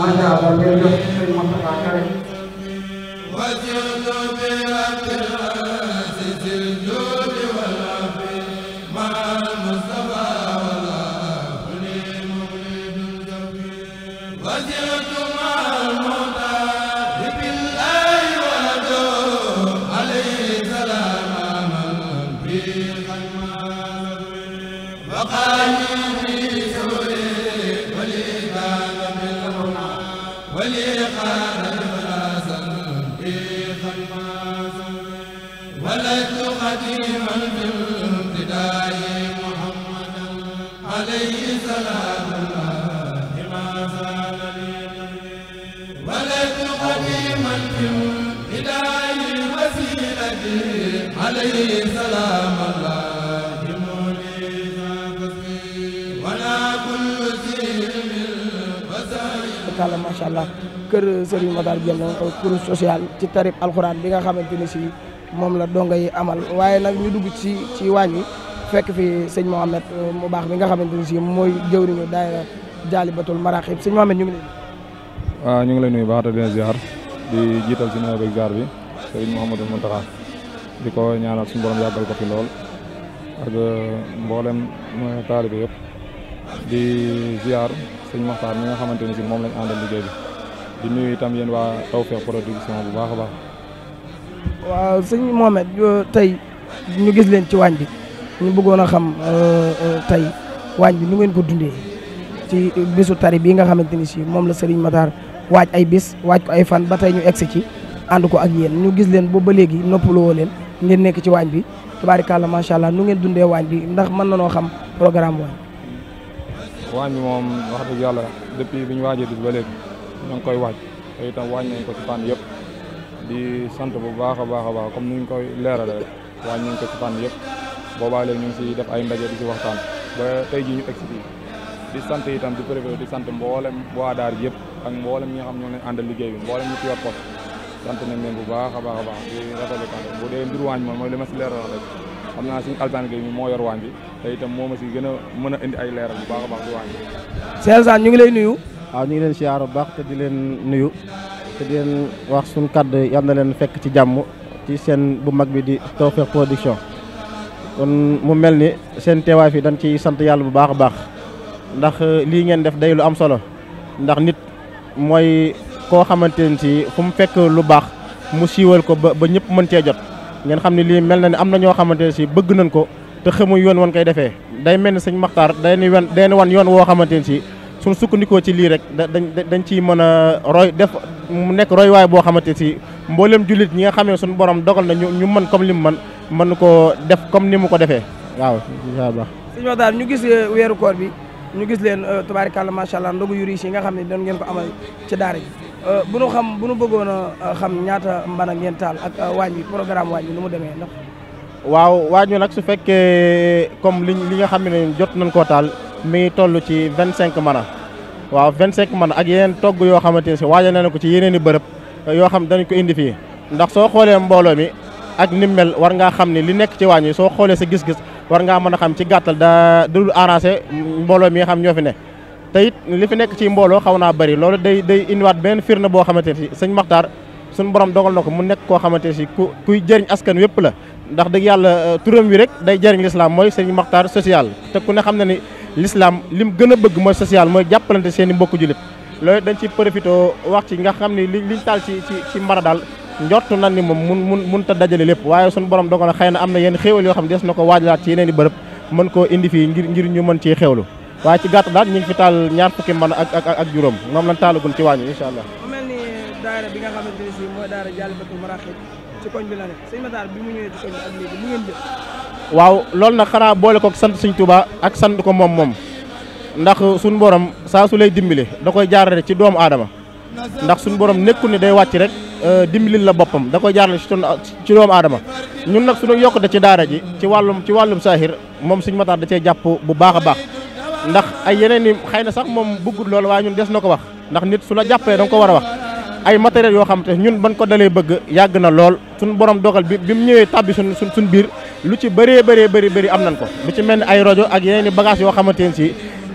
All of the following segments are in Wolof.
macha allah jërëjëf sëñ Moustapha Kare kàlla macha allah kër Serigne Matar Diène na kuréel social ci tarib alxuraan bi nga xamante ni si moom la donga yi amal waaye nag ñu dugg ci ci waañ wi fekk fi sëñ Mohamed euh, mu baax bi nga xamante ni si mooy jëwriñu daayira Jaalibatul Maraaxib sëñ Mohamed ñu ngi leen waaw ñu ngi lay nuyu baax te dina ziar di jiital si nawet bi ziar bi sëriñ Mouhamadou Mountakha di ko ñaanal suñu borom yàggal ko fi lool ak euh, mboolem taalibe yëpp di ziar sëñ Maxtaar mi nga xamante ni si moom lañ àndal liggéey bi di nuyu itam yéen waa Tawfekh Production bu baax a baax. waaw sëñ Mohamed tey ñu gis leen ci waañ bi ñu buggoon a xam euh, euh, tey waañ bi nu ngeen ko dundee ci bisu tari bii nga xamante ni si moom la Serigne Matar waaj ay bis waaj ko ay fan ba tey ñu egsi ci ànd ko ak yéen ñu gis leen ba ba léegi noppaloo leen ngeen nekk ci waañ bi tabaarikàlla macha allah nu ngeen dundee waañ bi ndax man na noo xam programme waañ. waañ bi moom wax dëgg yàlla depuis bi ñu waajee bis ba léegi ñoo ngi koy waaj te itam waaj nañ ko ci fànn yëpp. di sant bu baax a baax a baax comme ni koy leerale rek waaye ñu ko ci fànn yëpp boobaa léegi ñu ngi siy def ay ndaje di si waxtaan ba tey jii ñu egsi fii di sant itam di préféré di sant mboolem waa daar yëpp ak mboolem ñi nga leen àndal liggéey bi mboolem ñu ci yor poste sant nañ leen bu baax a baax a baax di rafetlu kàddu bu dee mbir waañ moom mooy li ma si leeral rek xam naa suñu altaan gi mi moo yor waañ bi te itam moo ma si gën a mën a ay leeral bu baax a baax di waañ bi. te di leen wax suñ kàddu yal na leen fekk ci jàmm ci seen bu mag bi di Tawfekh Production kon mu mel ni seen teewaay fi dañ ciy sant yàlla bu baax a baax ndax eh, lii ngeen def day lu am solo ndax nit mooy koo xamante ne si fu mu fekk lu baax mu siiwal ko ba ba ñëpp mën cee jot ngeen xam ne lii mel na ni am na ñoo xamante ne si bëgg nañ ko te xamuñ yoon woon koy defee day mel ni sëñ Maxtaar day ni wan day ni wan yoon woo xamante ne si suñ sukkandikoo ci lii rek dañ dañ ciy mën a roy def mu nekk roywaay boo xamante si mboolem jullit ñi nga xam ne suñu borom dogal na ñu mën comme li mu mën mën koo def comme ni mu ko defee waaw incha allah. daal ñu gis euh, weeru koor bi ñu gis leen tubaari euh, tubaarikàlla macha allah ndogu yu riche yi nga xam ne doon ngeen ko amal ci daara ji euh, bu nu xam bu nu bëggoon a xam ñaata mbana ngeen taal ak waañ bi programme waañ bi nu mu demee ndax. waaw waañu nag su fekkee comme li li nga xam ne jot nañ koo taal. mi ngi toll ci vingt cinq mana waaw vingt cinq mana ak yeneen togg yoo xamante ne si waajal nañ ko ci yeneen bërëb yoo xam dañ ko indi fii ndax soo xoolee mbooloo mi ak ni mel war ngaa xam ne li nekk ci waañ yi soo xoolee sa gis-gis war ngaa mën a xam ci gàttal daa dul arrangé mbooloo mi nga xam ñoo fi ne te it li fi nekk ci mbooloo xaw naa bëri loolu day day indiwaat benn firnde boo xamante ne sëñ Maxtaar suñu borom dogal na ko mu nekk koo xamante ne si ku kuy jëriñ askan wépp la ndax dëgg yàlla turam wi rek day jëriñ lislaam mooy sëñ Maxtaar social te l'islam lim gën a bëgg mooy social mooy jàppalante seen i mbokku jullit loolu dañ ci profité wax ci nga xam ni li liñ taal ci ci ci mbara daal njort na ni moom mun mun mun ta dajale lépp waaye suñu borom dogal na xëy na am na yenn xéewal yoo xam ne des na ko waajalaat ci yeneen i bërëb mën koo indi fii ngir ngir ñu mën ci xéewlu waaye ci gàtt daal ñu ngi fi taal ñaar fukki mban ak ak ak juróom moom lañ taalagul ci wàññi incha allah. mu mel ni ci koñ bi la nekk sëñ Matar bi mu waaw loolu nag xanaa boole ko sant sëñ Tuubaa ak sant ko moom moom ndax suñu borom saa su lay dimbali da koy jaarale ci doomu aadama ndax suñu borom nekkul ne day wàcc rek euh, dimbalil la boppam da koy jaarale ci ci doomu aadama ñun nag suñu yokkute ci daara ji ci wàllum ci wàllum saahir moom sëñ Matar da cee jàpp bu baax a baax ndax ay yeneen i xëy na sax moom bëggul loolu waaye ñun des na ko wax ndax nit su la jàppee da nga ko war a wax ay matériels yoo xam te ñun ban ko dalee bëgg yàgg na lool suñu borom dogal bi bi mu ñëwee tàbbi suñ suñ suñ biir lu ci bëree bëree bëri bëri am nañ ko lu ci mel ni ay rajo ak yeneen i bagage yoo xamante ne si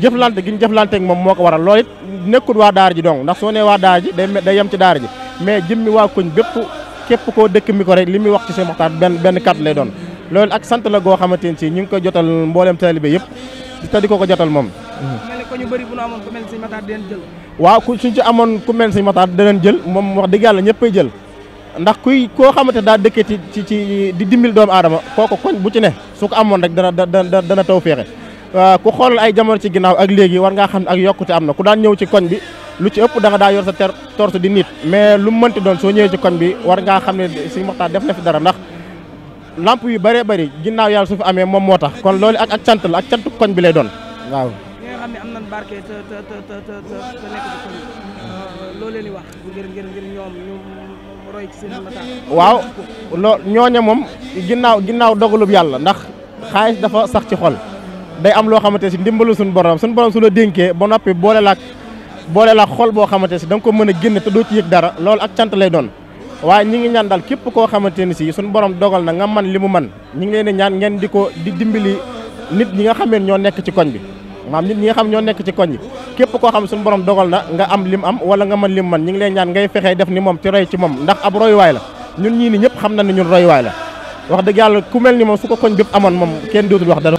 jëflante gi ñu jëflante ak moom moo ko waral loolu it nekkul waa daara ji dong ndax soo nee waa daara ji day day yem ci daara ji mais jëmmi waa koñ bépp képp koo dëkk mi ko rek li muy wax ci seen waxtaan benn benn kàddu lay doon loolu ak sant la goo xamante ne si ñu ngi koy jotal mboolem taalibe yëpp di ko ko jotal moom mel ne ko ku mel sëñ Matar dinañ jël waaw ku suñ ci amoon ku mel sëñ Matar jël moom wax dëgg yàlla ñëppay jël ndax kuy koo xamante daa dëkkee ci ci di dimbil doomu aadama kooku bu ci ne su ko amoon rek dana dana dana taw féexe ku xool ay jamono ci ginnaaw ak léegi war ngaa xam ne ak yokkute am na ku daan ñëw ci koñ bi lu ci ëpp da daa yor sa ter torse di nit mais lu mënti doon soo ñëwee ci bi war ngaa xam ne sëñ Matar def na fi dara ndax lamp yu baree bari ginnaaw yàlla su fi amee moom moo tax kon loolu ak ak cant la ak cantu koñ bi lay doon waaw xam am nañ barke leen di euh, wax ngir waaw loo ñooñe moom ginnaaw ginnaaw dogalub yàlla ndax xaalis dafa sax ci xol day am loo xamante si ndimbalu suñu borom suñu borom su la dénkee ba noppi boole laak boole laak xol boo xamante si da nga mën a génne te doo ci yëg dara loolu ak cant lay doon waaye ñi ngi ñaan daal képp koo xamante ni si suñu borom dogal na nga man li mu man ñi ngi leen di ñaan ngeen di ko di dimbali nit ñi nga xam ne ñoo nekk ci koñ bi maam nit ñi nga xam ñoo nekk ci koñ yi képp koo xam suñu borom dogal na nga am lim am wala nga mën lim man ñi ngay fexee def ni moom ci roy ci moom ndax ab royuwaay la ñun ñii ni ñëpp xam na ne ñun royuwaay la wax dëgg yàlla ku ni moom su koñ bépp amoon moom kenn dootul wax dara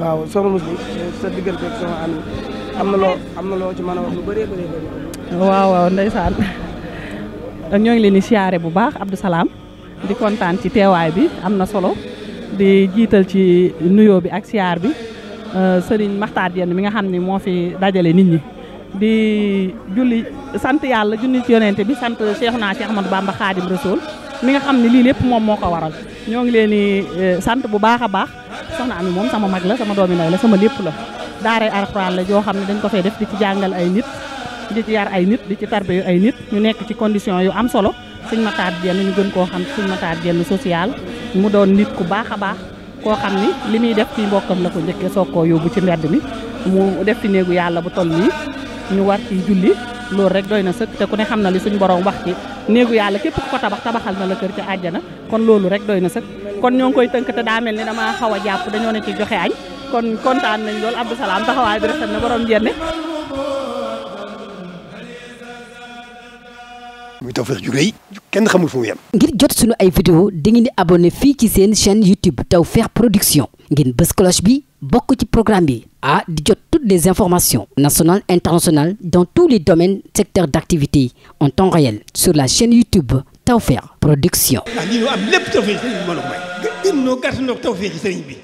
waaw soxna sa diggante ak am na loo ci mën a waaw ndeysaan ñoo ngi leen di siyaare bu baax Abdou Salaam di kontaan ci teewaay bi am na solo di jiital ci nuyoo bi ak siyaar bi euh, sëriñ Maxtaar Jenn mi nga xam ne moo fi dajale nit ñi di julli sant yàlla junni ci yonente bi sant Cheikhuna Cheikh Ahmadou Bamba Khadim Rasoul mi nga xam ne lii lépp moom moo ko waral ñoo ngi leen euh, sant bu baax a baax soxna Ami moom sama mag la sama doomi ndey la sama lépp la daaray alxuraan la joo xam ne dañ ko fay def di ci jàngal ay nit di ci yar ay ci tarbe ay nit ñu nekk ci condition yu am solo suñ mataat jenn ñu gën koo xam suñ mataat jenn social mu doon nit ku baax a baax koo xam ni li muy def ci mbokkam la ko njëkkee soog koo yóbbu ci mbedd mi mu def fi néegu yàlla bu toll nii ñu war ci julli loolu rek doy na sëkk te ku ne xam na li suñ borom wax ci néegu yàlla képp ku ko tabax tabaxal na la kër ca na kon ñoo ngi koy tënk te daa mel ni damaa xaw a jàpp dañoo ne ci joxe añ kon kontaan nañ lool Abdou Salam taxawaay bi rafet na borom njëriñ. muy kenn xamul fu mu ngir jot sunu ay vidéo dangeen di abonné fii ci seen chaîne YouTube Tawfekh Production ngeen bës cloche bi bokk ci programme bi ah di jot toutes les informations national internationales dans tous les domaines secteurs d'activité en temps réel sur la chaîne YouTube. Tawfekh Production. ndax ah, lii am lépp tawfeex sëriñ bi mën a may. gën noo gàtt noo tawfeex sëriñ bi.